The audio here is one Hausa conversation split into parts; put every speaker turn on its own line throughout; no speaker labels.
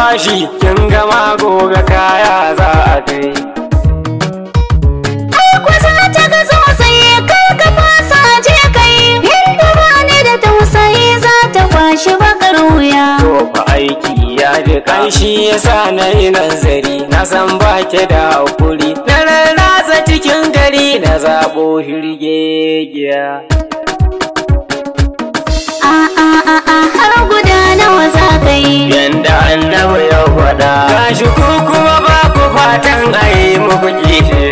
bashi kin gama gobe kaya za a kai Aiko za ta ga sosai kar ka fasa je kai Hindu ba ni da tausayi za ta kwashi bakar wuya To fa aiki ya fi kan shi yasa na yi nazari na san baki da hakuri Na rarraza cikin gari na zaɓo hirgegiya a a a har guda yayi yanda annabi ya faɗa gashi ku kuma ba ku fatan ayi muku kishi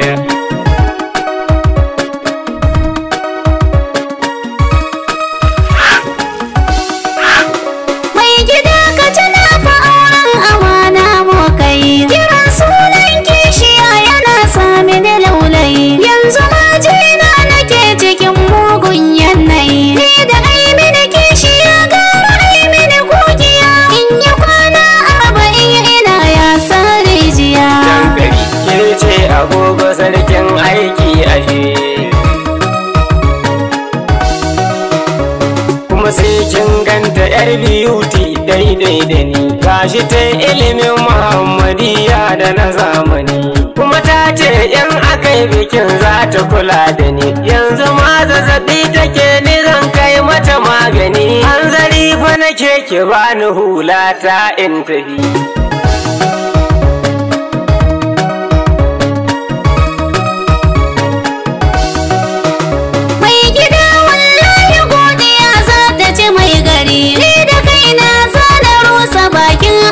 yar beauty daidai da ni gashi ta ilimin muhammadiya da na zamani kuma ta ce yan akai bikin za ta kula da ni yanzu ma zazzabi take ni zan kai mata magani an zari fa nake ki bani hula ta in tafi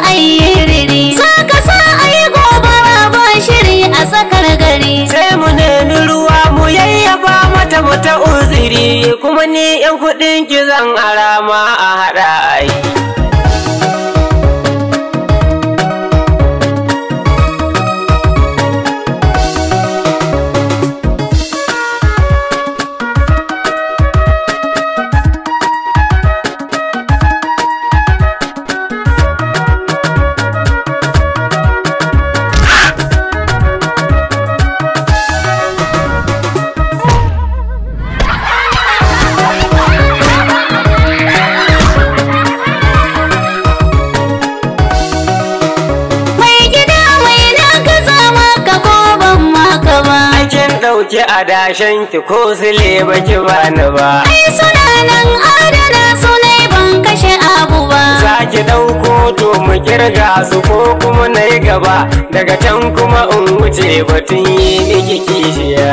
ayi yi saka sa ayi gobe rabon shiri a sakar gari sai mu nemi ruwa mu yayyafa mata mata uziri kuma ni yan kudin kizan arama a haɗa a yi. ɗauki adashen ki ko zile ba ki bani ba. Ai suna nan adana ne ban kashe abu ba. Za ki ɗauko to mu kirga su ko kuma na gaba daga can kuma in wuce batun yi miki kishiya.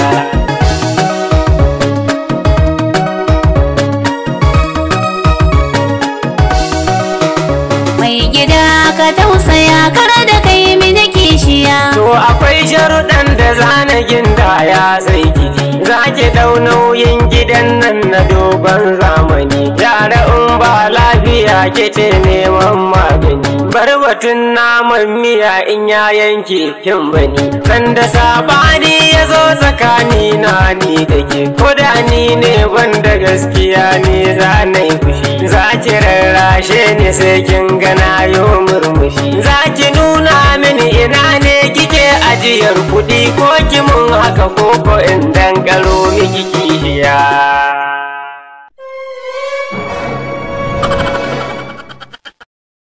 Mai gida ka tausaya kar da kai mini gaskiya to akwai sharuɗan da zana ya zai gidi za ki dau nauyin gidan nan na dogon zamani yara in ba lafiya kike neman magani bar batun naman miya in ya yanke kin bani kan da sabani ya zo tsakani na ni da ke da ni ne wanda gaskiya ne za na yi fushi za ki rarrashe ni sai kin gana yo murmushi za ki nuna mini ina biyar kuɗi ko kimin haka koko ko in dangaro